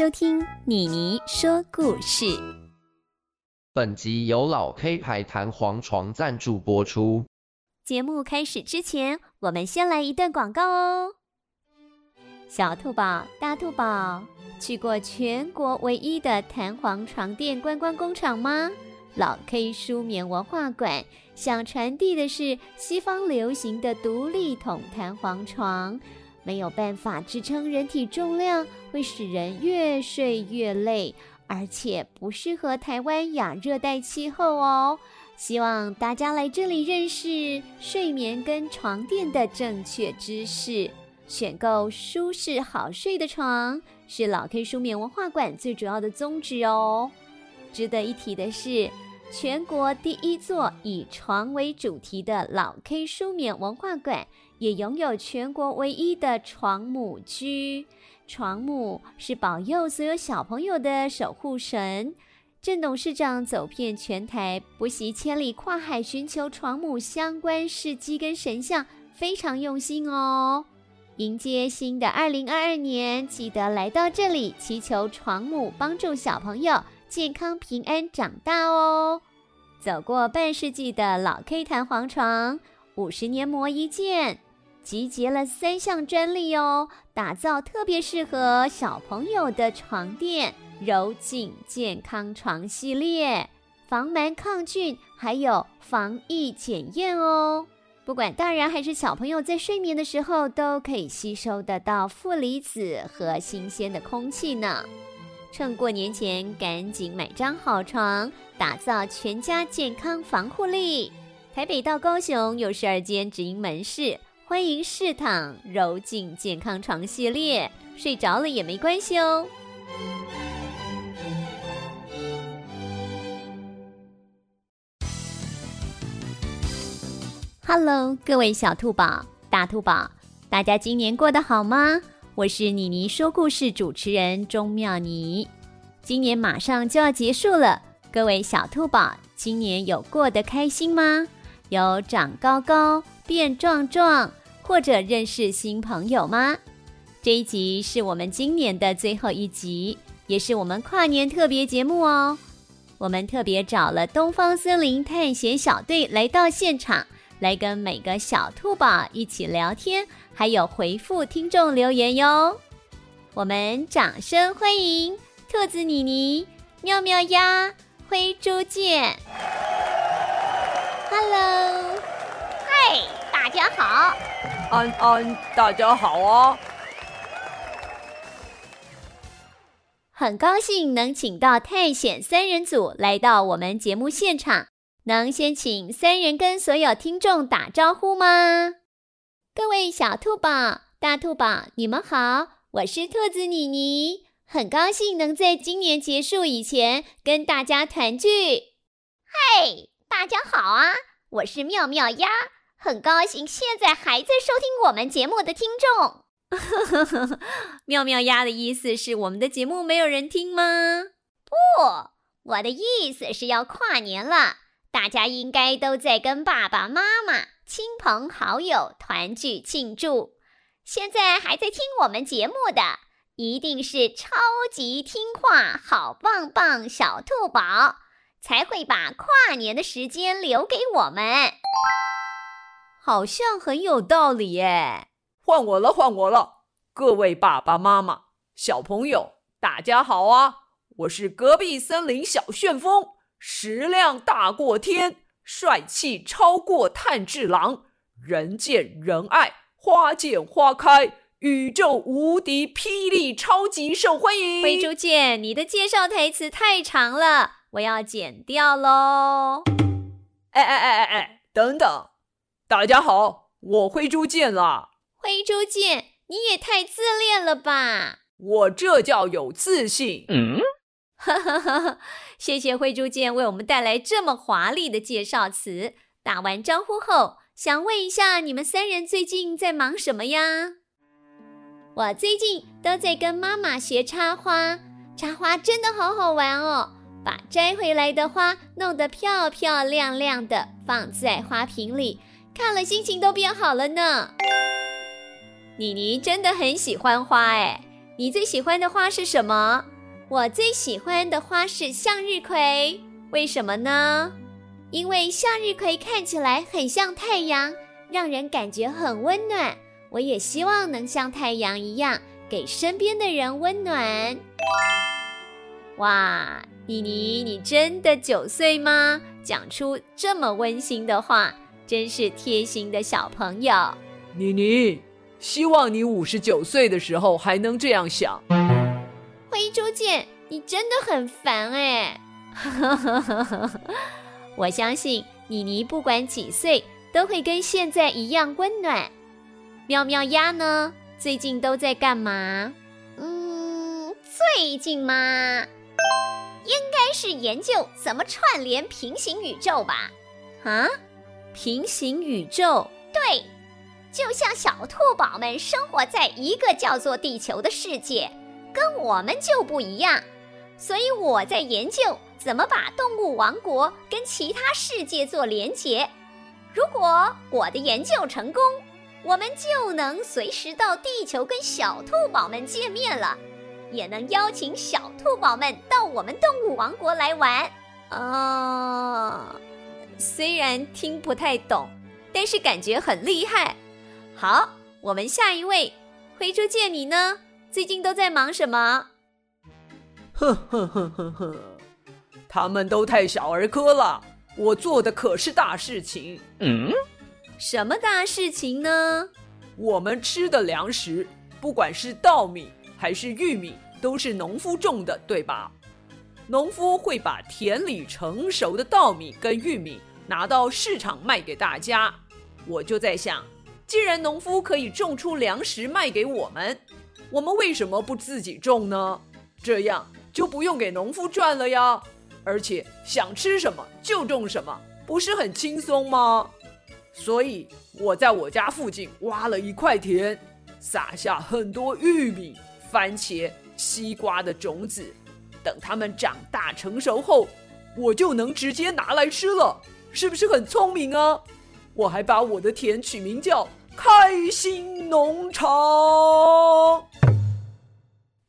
收聽妮妮說故事，本集由老 K 牌彈簧床贊助播出。節目開始之前，我們先來一段廣告哦。小兔寶、大兔寶去過全國唯一的彈簧床墊觀光工廠嗎？老 K 舒眠文化館想傳遞的是西方流行的獨立筒彈簧床。沒有辦法支撐人體重量，會使人越睡越累，而且不適合台灣亞熱帶氣候哦。希望大家來這裡認識睡眠跟床墊的正確知識，選購舒適好睡的床是老 K 舒眠文化館最主要的宗旨哦。值得一提的是，全國第一座以床為主題的老 K 舒眠文化館。也擁有全國唯一的床母居，床母是保佑所有小朋友的守護神。鄭董事長走遍全台，不惜千里跨海尋求床母相關事跡跟神像，非常用心哦。迎接新的二零二二年，記得來到這裡祈求床母幫助小朋友健康平安長大哦。走過半世紀的老 K 彈簧床，五十年磨一劍。集結了三項專利哦，打造特別適合小朋友的床墊柔頸健康床系列，防蟎抗菌，還有防疫檢驗哦。不管大人還是小朋友，在睡眠的時候都可以吸收得到負離子和新鮮的空氣呢。趁過年前趕緊買張好床，打造全家健康防護力。台北到高雄有十二間直營門市。歡迎試躺柔靜健康床系列，睡着了也沒關係哦。哈嘍，各位小兔寶、大兔寶，大家今年過得好嗎？我是妮妮說故事主持人鍾妙妮。今年馬上就要結束了，各位小兔寶，今年有過得開心嗎？有長高高，變壯壯。或者認識新朋友嗎？這一集是我們今年的最後一集，也是我們跨年特別節目哦。我們特別找了東方森林探險小隊來到現場，來跟每個小兔寶一起聊天，還有回覆聽眾留言喲。我們掌聲歡迎兔子妮妮、喵喵鴨、灰豬見。Hello，嗨。Hey. 大家好，安安，大家好啊，哦！很高興能請到探險三人組來到我們節目現場，能先請三人跟所有聽眾打招呼嗎？各位小兔寶、大兔寶，你們好，我是兔子妮妮，很高興能在今年結束以前跟大家團聚。嗨，大家好啊，我是妙妙鴨。很高興現在還在收聽我們節目的聽眾。 妙妙鴨的意思是我們的節目沒有人聽嗎？不，我的意思是要跨年了，大家應該都在跟爸爸媽媽、親朋好友團聚慶祝。現在還在聽我們節目的，一定是超級聽話、好棒棒小兔寶，才會把跨年的時間留給我們。好像很有道理耶！換我了，換我了！各位爸爸媽媽、小朋友，大家好啊！我是隔壁森林小旋風，食量大過天，帥氣超過炭治郎，人見人愛，花見花開，宇宙無敵霹靂霹超級受歡迎。灰豬見，你的介紹台詞太長了，我要剪掉嘍！哎哎哎哎哎，等等。大家好，我灰豬見啦，灰豬見，你也太自戀了吧！我這叫有自信。嗯，哈哈哈！謝謝灰豬見為我們帶來這麼華麗的介紹詞。打完招呼後，想問一下你們三人最近在忙什麼呀？我最近都在跟媽媽學插花，插花真的好好玩哦！把摘回來的花弄得漂漂亮亮的，放在花瓶裡。看了心情都變好了呢。妮妮真的很喜歡花哎、欸，你最喜歡的花是什麼？我最喜歡的花是向日葵，為什麼呢？因為向日葵看起來很像太陽，讓人感覺很溫暖。我也希望能像太陽一樣，給身邊的人溫暖。哇，妮妮，你真的九歲嗎？講出這麼溫馨的話。真是貼心的小朋友，妮妮。希望你五十九歲的時候還能這樣想。灰豬劍，你真的很煩哎、欸！ 我相信妮妮不管幾歲，都會跟現在一樣溫暖。喵喵鴨呢？最近都在幹嘛？嗯，最近嘛，應該是研究怎麼串聯平行宇宙吧？啊？平行宇宙，對，就像小兔寶們生活在一個叫做地球的世界，跟我們就不一樣。所以我在研究怎麼把動物王國跟其他世界做連結。如果我的研究成功，我們就能隨時到地球跟小兔寶們見面了，也能邀請小兔寶們到我們動物王國來玩。哦。雖然聽不太懂，但是感覺很厲害。好，我們下一位灰豬戒，你呢？最近都在忙什麼？呵呵呵呵呵，他們都太小兒科了，我做的可是大事情。嗯，什麼大事情呢？我們吃的糧食，不管是稻米還是玉米，都是農夫種的，對吧？農夫會把田裡成熟的稻米跟玉米。拿到市場賣給大家，我就在想，既然農夫可以種出糧食賣給我們，我們為什麼不自己種呢？這樣就不用給農夫賺了呀。而且想吃什麼就種什麼，不是很輕鬆嗎？所以，我在我家附近挖了一塊田，撒下很多玉米、番茄、西瓜的種子，等它們長大成熟後，我就能直接拿來吃了。是不是很聰明啊？我還把我的田取名叫“開心農場”。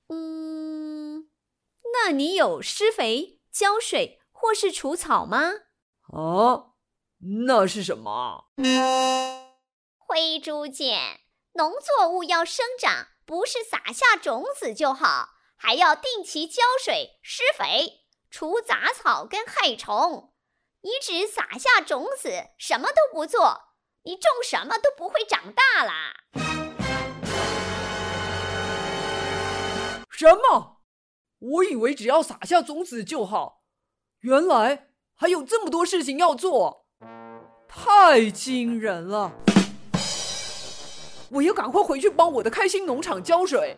嗯，那你有施肥、澆水或是除草嗎？啊，那是什麼？灰豬姐，農作物要生長，不是撒下種子就好，還要定期澆水、施肥、除雜草跟害蟲。你只撒下種子，什麼都不做，你種什麼都不會長大了。什麼？我以為只要撒下種子就好，原來還有這麼多事情要做，太驚人了！我要趕快回去幫我的開心農場澆水。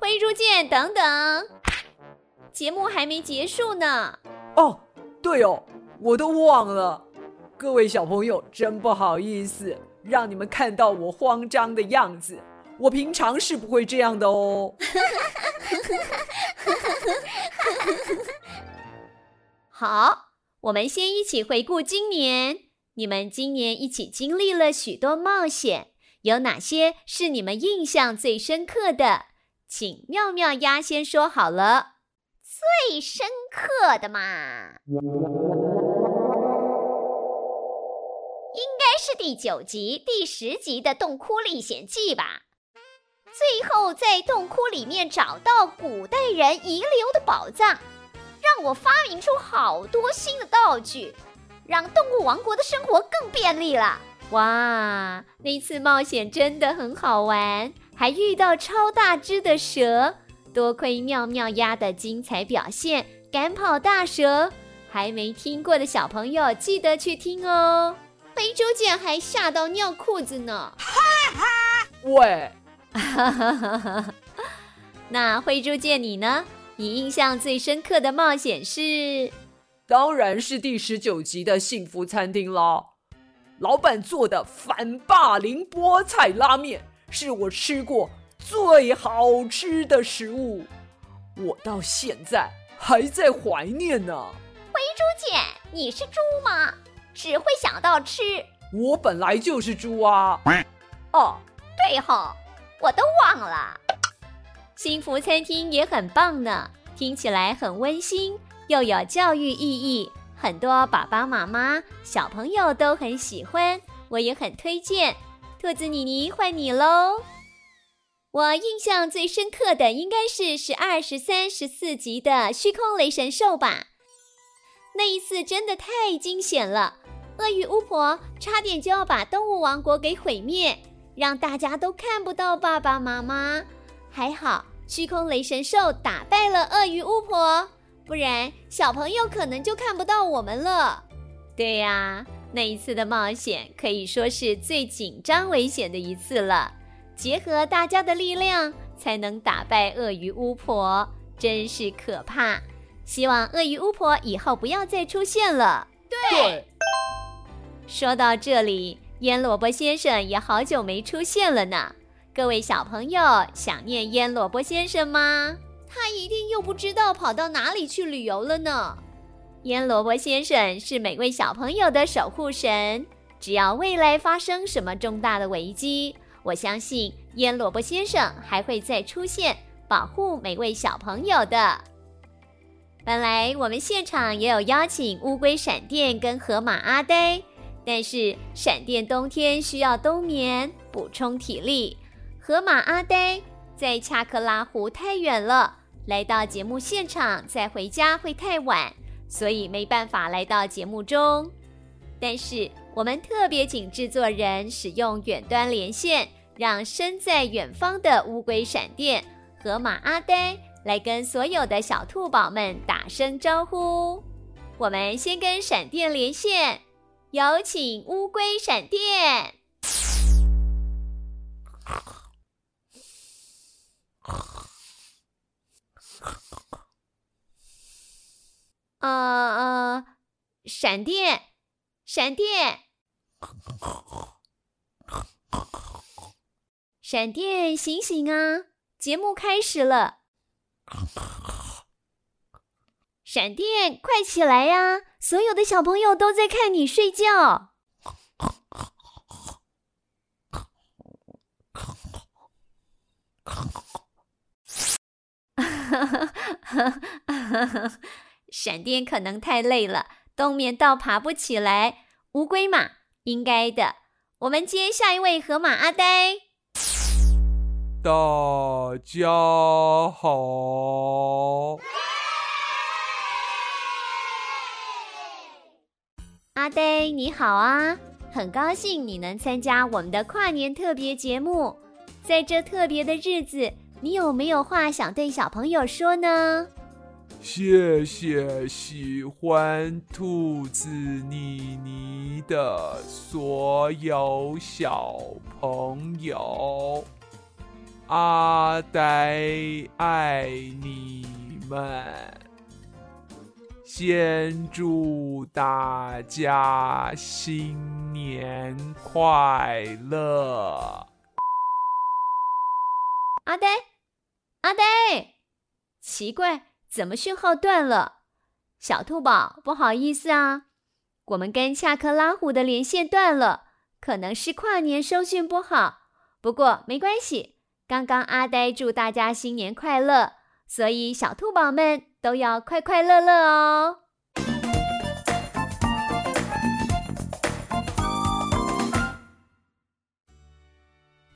灰豬劍，等等，節目還沒結束呢。哦，對哦。我都忘了，各位小朋友，真不好意思讓你們看到我慌張的樣子。我平常是不會這樣的哦。 好，我們先一起回顧今年，你們今年一起經歷了許多冒險，有哪些是你們印象最深刻的？請妙妙鴨先說好了。最深刻的嘛。是第九集、第十集的《洞窟歷險記》吧？最後在洞窟裡面找到古代人遺留的寶藏，讓我發明出好多新的道具，讓動物王國的生活更便利了。哇，那次冒險真的很好玩，還遇到超大只的蛇，多虧妙妙鴨的精彩表現，趕跑大蛇。還沒聽過的小朋友，記得去聽哦。灰豬姐還嚇到尿褲子呢！哈哈，喂，哈哈哈，那灰豬姐你呢？你印象最深刻的冒險是？當然是第十九集的幸福餐廳了。老闆做的反霸凌菠菜拉麵是我吃過最好吃的食物，我到現在還在懷念呢，啊。灰豬姐，你是豬嗎？只會想到吃。我本來就是豬啊！哦，對哦，我都忘了。幸福餐廳也很棒呢，聽起來很溫馨，又有教育意義，很多爸爸媽媽、小朋友都很喜歡，我也很推薦。兔子妮妮，換你嘍！我印象最深刻的應該是十二、十三、十四集的虛空雷神獸吧，那一次真的太驚險了。鱷魚巫婆差點就要把動物王國給毀滅，讓大家都看不到爸爸媽媽。還好虛空雷神獸打敗了鱷魚巫婆，不然小朋友可能就看不到我們了。對呀、啊，那一次的冒險可以說是最緊張危險的一次了。結合大家的力量才能打敗鱷魚巫婆，真是可怕。希望鱷魚巫婆以後不要再出現了。對。對。說到這裡，醃蘿蔔先生也好久沒出現了呢。各位小朋友，想念醃蘿蔔先生嗎？他一定又不知道跑到哪裡去旅遊了呢。醃蘿蔔先生是每位小朋友的守護神，只要未來發生什麼重大的危機，我相信醃蘿蔔先生還會再出現，保護每位小朋友的。本來我們現場也有邀請烏龜閃電跟河馬阿呆。但是，閃電冬天需要冬眠補充體力。河馬阿呆在恰克拉湖太遠了，來到節目現場再回家會太晚，所以沒辦法來到節目中。但是，我們特別請製作人使用遠端連線，讓身在遠方的烏龜閃電、河馬阿呆來跟所有的小兔寶們打聲招呼。我們先跟閃電連線。有請烏龜閃電。呃，呃，閃電，閃電，閃電，醒醒啊！節目開始了。閃電，快起來呀！所有的小朋友都在看你睡覺。哈哈哈哈哈！閃電可能太累了，冬眠到爬不起來。烏龜嘛，應該的。我們接下一位，河馬阿呆。大家好。阿呆，你好啊！很高興你能參加我們的跨年特別節目。在這特別的日子，你有沒有話想對小朋友說呢？謝謝喜歡兔子妮妮的所有小朋友。阿呆愛你們。先祝大家新年快樂！阿呆，阿呆，奇怪，怎麼訊號斷了？小兔寶，不好意思啊，我們跟恰克拉虎的連線斷了，可能是跨年收訊不好。不過沒關係，剛剛阿呆祝大家新年快樂，所以小兔寶們，都要快快樂樂哦！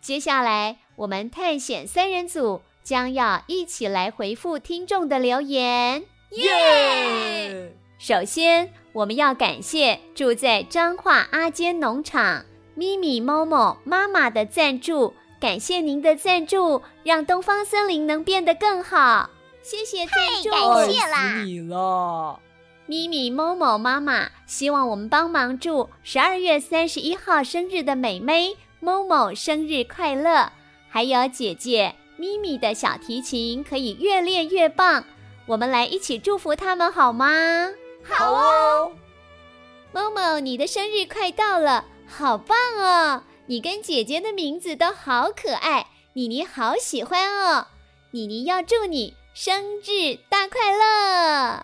接下來，我們探險三人組將要一起來回復聽眾的留言。耶！Yeah! 首先，我們要感謝住在彰化阿堅農場咪咪貓貓媽媽的贊助，感謝您的贊助，讓東方森林能變得更好。謝謝，太感謝啦。你了，咪咪 Momo 媽媽希望我們幫忙祝十二月三十一號生日的美眉，Momo 生日快樂，還有姐姐咪咪的小提琴可以越練越棒，我們來一起祝福他們好嗎？好哦，Momo 你的生日快到了，好棒哦，你跟姐姐的名字都好可愛，妮妮好喜歡哦，妮妮要祝你。生日大快樂！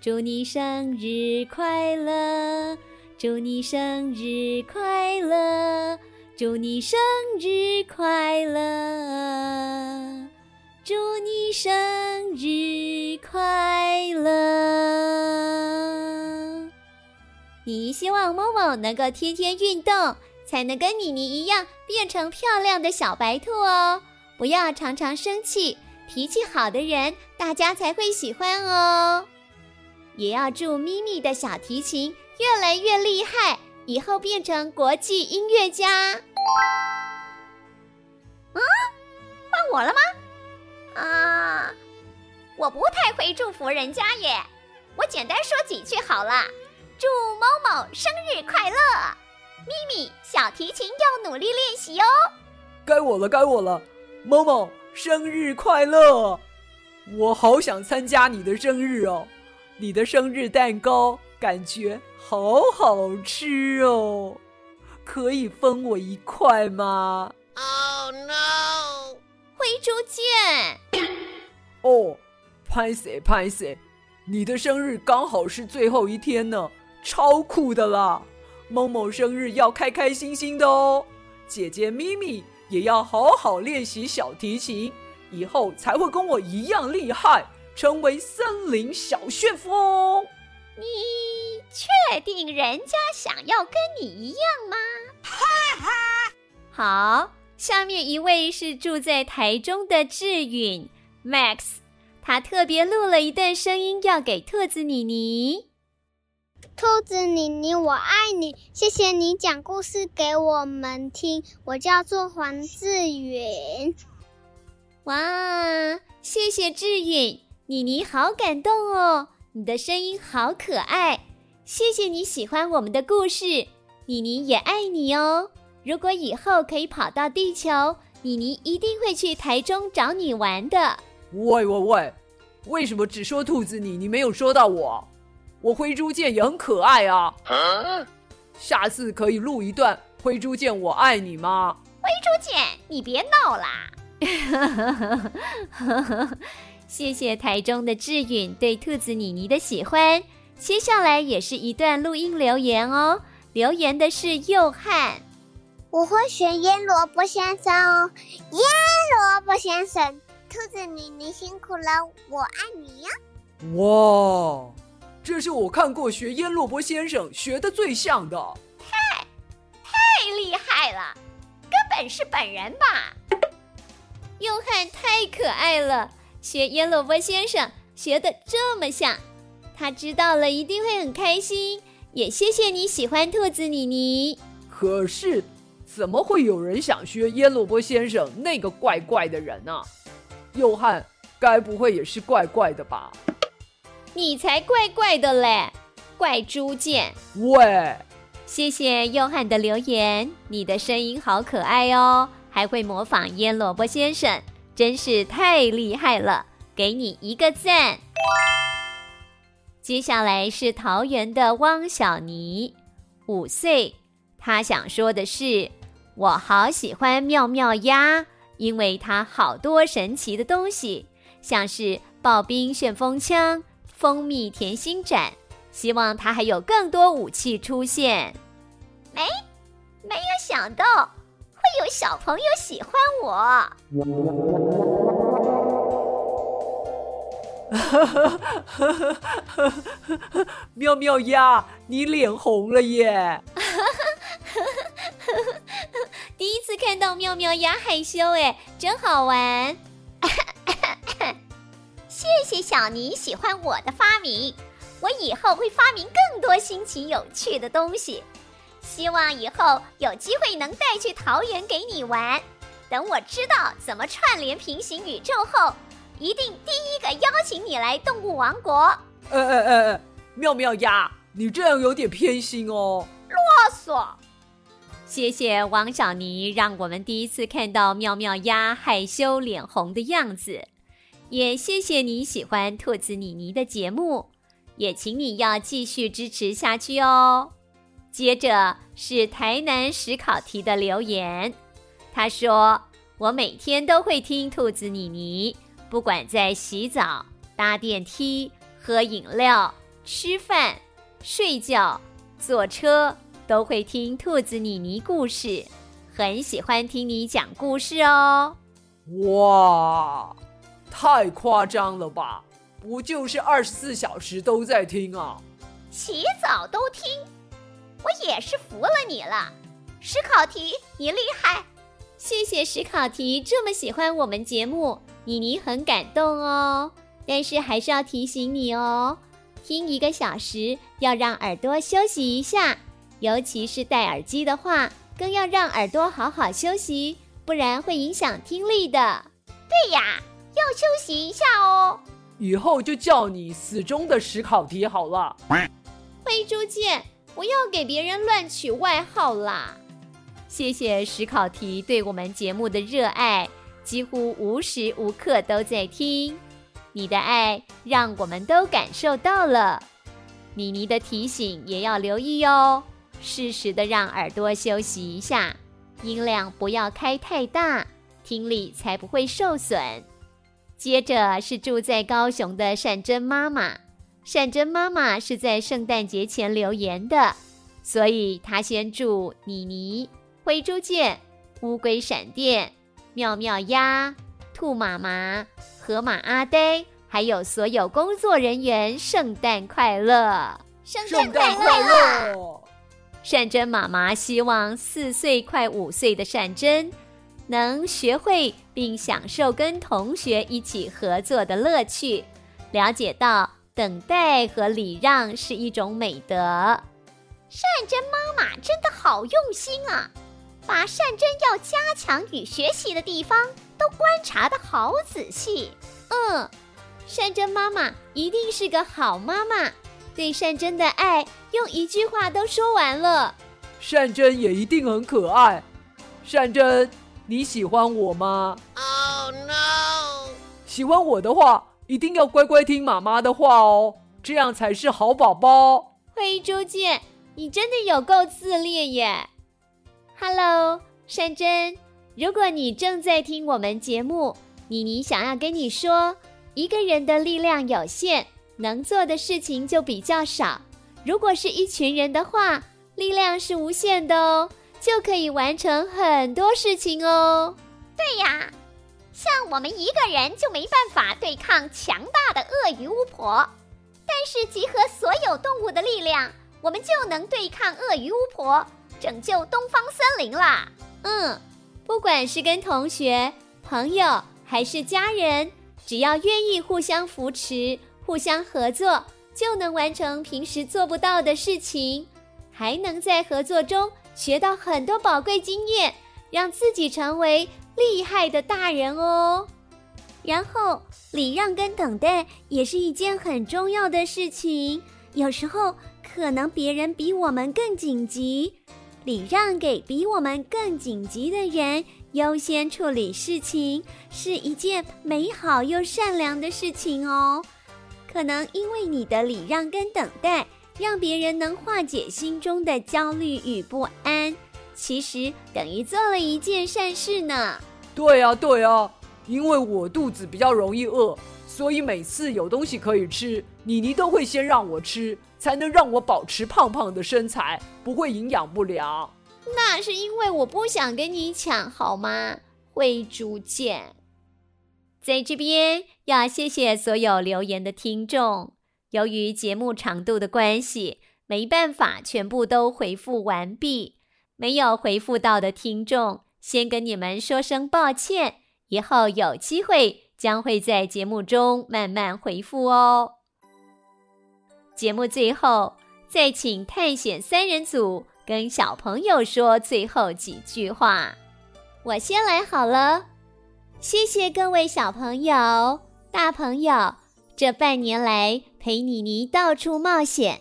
祝你生日快樂！祝你生日快樂！祝你生日快樂！祝你生日快樂！你，你，你，你希望某某能夠天天運動，才能跟妮妮一樣變成漂亮的小白兔哦！不要常常生氣。脾氣好的人，大家才會喜歡哦。也要祝咪咪的小提琴越來越厲害，以後變成國際音樂家。嗯，換我了嗎？啊，我不太會祝福人家耶，我簡單說幾句好了。祝某某生日快樂，咪咪小提琴要努力練習哦。該我了，該我了，某某。生日快樂！我好想參加你的生日哦，你的生日蛋糕感覺好好吃哦，可以分我一塊嗎？Oh no！回珠見。哦，Paisa Paisa，你的生日剛好是最後一天呢，超酷的啦！某某生日要開開心心的哦，姐姐咪咪。也要好好練習小提琴，以後才會跟我一樣厲害，成為森林小旋風。你確定人家想要跟你一樣嗎？哈哈。好，下面一位是住在台中的智允 Max，他特別錄了一段聲音要給兔子妮妮。兔子妮妮，我愛你！謝謝你講故事給我們聽。我叫做黃志允。哇，謝謝志允，妮妮好感動哦！你的聲音好可愛，謝謝你喜歡我們的故事，妮妮也愛你哦。如果以後可以跑到地球，妮妮一定會去台中找你玩的。喂喂喂，為什麼只說兔子妮妮，你沒有說到我？我灰豬劍也很可愛啊！啊下次可以錄一段灰豬劍我愛你嗎？灰豬劍，你別鬧啦！呵呵呵，謝謝台中的志允對兔子妮妮的喜歡。接下來也是一段錄音留言哦，留言的是佑翰，我會選醃蘿蔔先生哦，醃蘿蔔先生，兔子妮妮辛苦了，我愛你呀、哦！哇！這是我看過學醃蘿蔔先生學的最像的，太，太厲害了，根本是本人吧？佑 漢太可愛了，學醃蘿蔔先生學得這麼像，他知道了一定會很開心。也謝謝你喜歡兔子妮妮。可是怎麼會有人想學醃蘿蔔先生那個怪怪的人呢、啊？佑漢該不會也是怪怪的吧？你才怪怪的嘞，怪豬見喂！哇謝謝約翰的留言，你的聲音好可愛哦，還會模仿醃蘿蔔先生，真是太厲害了，給你一個讚。接下來是桃園的汪小妮，五歲，他想說的是：我好喜歡妙妙鴨，因為它好多神奇的東西，像是刨冰旋風槍。蜂蜜甜心斬，希望它還有更多武器出現。沒，沒有想到會有小朋友喜歡我。 喵喵鴨，你臉紅了耶！ 第一次看到喵喵鴨，害羞、欸，哎，真好玩。 謝謝小尼喜歡我的發明，我以後會發明更多新奇有趣的東西。希望以後有機會能帶去桃園給你玩。等我知道怎麼串聯平行宇宙後，一定第一個邀請你來動物王國。呃呃呃呃，妙妙鴨，你這樣有點偏心哦。囉嗦。謝謝王小尼，讓我們第一次看到妙妙鴨害羞臉紅的樣子。也謝謝你喜歡兔子妮妮的節目，也請你要繼續支持下去哦。接着是台南時考題的留言，他說：“我每天都會聽兔子妮妮，不管在洗澡、搭電梯、喝飲料、吃飯、睡覺、坐車，都會聽兔子妮妮故事，很喜歡聽你講故事哦。”哇。太誇張了吧！不就是二十四小時都在聽啊？起早都聽，我也是服了你了。史考題你厲害，謝謝史考題這麼喜歡我們節目，妮妮很感動哦。但是還是要提醒你哦，聽一個小時要讓耳朵休息一下，尤其是戴耳機的話，更要讓耳朵好好休息，不然會影響聽力的。對呀。要休息一下哦，以後就叫你死忠的史考題好了。喂，豬劍，不要給別人亂取外號啦！謝謝史考題對我們節目的熱愛，幾乎無時無刻都在聽。你的愛讓我們都感受到了。妮妮的提醒也要留意哦，適時的讓耳朵休息一下，音量不要開太大，聽力才不會受損。接着是住在高雄的善珍媽媽，善珍媽媽是在聖誕節前留言的，所以她先祝妮妮、灰豬戒、烏龜閃電、妙妙鴨、兔媽媽、河馬阿呆，還有所有工作人員聖誕快樂，聖誕快樂！聖誕快樂！善珍媽媽希望四歲快五歲的善珍。能學會並享受跟同學一起合作的樂趣，了解到等待和禮讓是一種美德。善貞媽媽真的好用心啊，把善貞要加強與學習的地方都觀察得好仔細。嗯，善貞媽媽一定是個好媽媽，對善貞的愛用一句話都說完了。善貞也一定很可愛，善貞。你喜歡我嗎？Oh no！喜歡我的話，一定要乖乖聽媽媽的話哦，這樣才是好寶寶。嘿，朱健，你真的有夠自戀耶！Hello，善珍，如果你正在聽我們節目，妮妮想要跟你說，一個人的力量有限，能做的事情就比較少。如果是一群人的話，力量是無限的哦。就可以完成很多事情哦。對呀，像我們一個人就沒辦法對抗強大的鱷魚巫婆，但是集合所有動物的力量，我們就能對抗鱷魚巫婆，拯救東方森林啦。嗯，不管是跟同學、朋友還是家人，只要願意互相扶持、互相合作，就能完成平時做不到的事情，還能在合作中。學到很多寶貴經驗，讓自己成為厲害的大人哦。然後，禮讓跟等待也是一件很重要的事情。有時候，可能別人比我們更緊急，禮讓給比我們更緊急的人優先處理事情，是一件美好又善良的事情哦。可能因為你的禮讓跟等待。讓別人能化解心中的焦慮與不安，其實等於做了一件善事呢。對呀、啊，對呀、啊，因為我肚子比較容易餓，所以每次有東西可以吃，妮妮都會先讓我吃，才能讓我保持胖胖的身材，不會營養不良。那是因為我不想跟你搶，好嗎？會逐漸。在這邊，要謝謝所有留言的聽眾。由於節目長度的關係，沒辦法全部都回復完畢。沒有回復到的聽眾，先跟你們說聲抱歉。以後有機會，將會在節目中慢慢回復哦。節目最後，再請探險三人組跟小朋友說最後幾句話。我先來好了，謝謝各位小朋友、大朋友。這半年來陪妮妮到處冒險，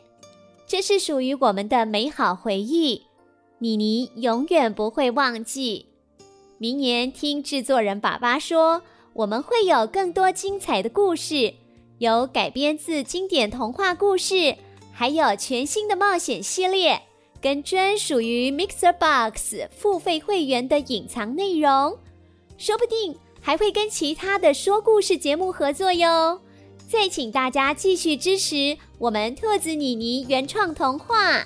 這是屬於我們的美好回憶，妮妮永遠不會忘記。明年聽製作人爸爸說，我們會有更多精彩的故事，有改編自經典童話故事，還有全新的冒險系列，跟專屬於 MixerBox 付費會員的隱藏內容，說不定還會跟其他的說故事節目合作喲。再請大家繼續支持我們兔子妮妮原創童話。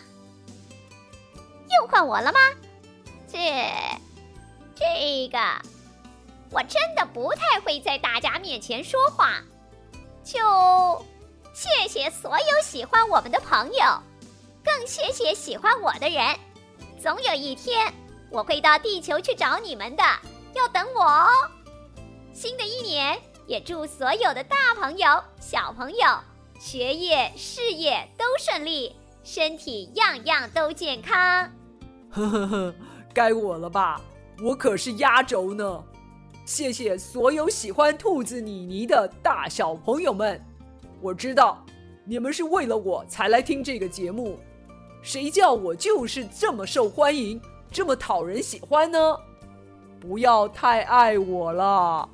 又換我了嗎？這，這個我真的不太會在大家面前說話。就謝謝所有喜歡我們的朋友，更謝謝喜歡我的人。總有一天我會到地球去找你們的，要等我哦。新的一年。也祝所有的大朋友、小朋友學業、事業都順利，身體樣樣都健康。呵呵呵，該我了吧？我可是壓軸呢！謝謝所有喜歡兔子妮妮的大小朋友們，我知道你們是為了我才來聽這個節目，誰叫我就是這麼受歡迎，這麼討人喜歡呢？不要太愛我了。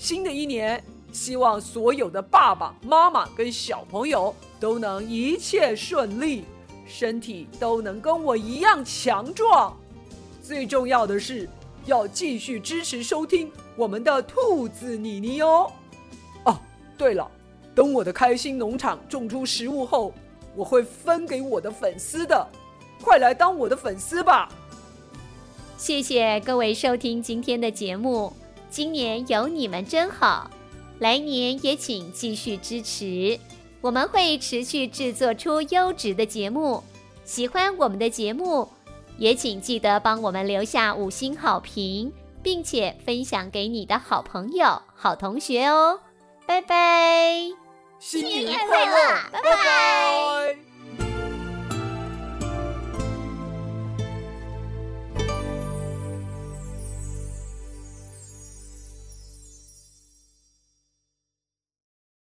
新的一年，希望所有的爸爸媽媽跟小朋友都能一切順利，身體都能跟我一樣強壯。最重要的是，要繼續支持收聽我們的兔子妮妮哦。哦，對了，等我的開心農場種出食物後，我會分給我的粉絲的。快來當我的粉絲吧！謝謝各位收聽今天的節目。今年有你們真好，來年也請繼續支持，我們會持續製作出優質的節目。喜歡我們的節目，也請記得幫我們留下五星好評，並且分享給你的好朋友、好同學哦。拜拜，新年快樂，拜拜。拜拜。